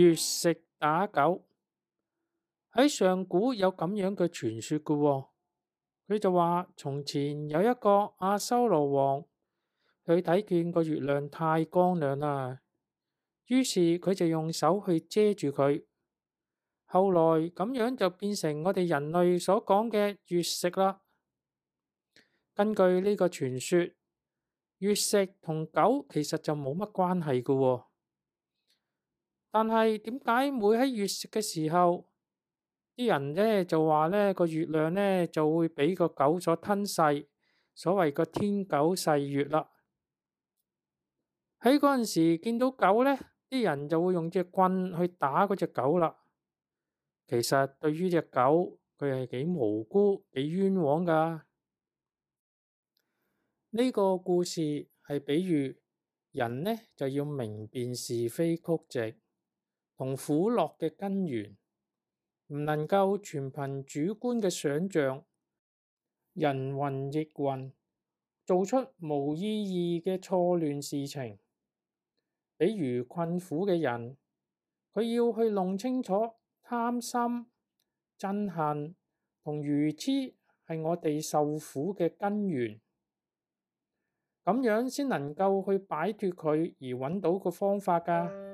月食打狗。喺上古有咁樣嘅傳說嘅㗎喎，佢就話從前有一個阿修羅王，佢睇見個月亮太光亮啦，於是佢就用手去遮住佢，後來咁樣就變成我哋人類所講嘅月食啦。根據呢個傳說，月食同狗其實就冇乜關係嘅㗎喎。但係點解每喺月食嘅時候，啲人呢就話呢個月亮呢就會俾個狗所吞噬，所謂個天狗噬月啦。喺嗰陣時見到狗呢，啲人就會用隻棍去打嗰隻狗啦。其實對於隻狗，佢係幾無辜、幾冤枉噶。呢個故事係比喻人呢就要明辨是非曲直，同苦樂，嘅根源唔能夠全憑主觀嘅想象，人云亦云，做出無意義嘅錯亂事情。比如困苦嘅人，佢要去弄清楚貪心、憎恨同愚痴係我哋受苦嘅根源，咁樣先能夠去擺脫佢，而揾到個方法㗎。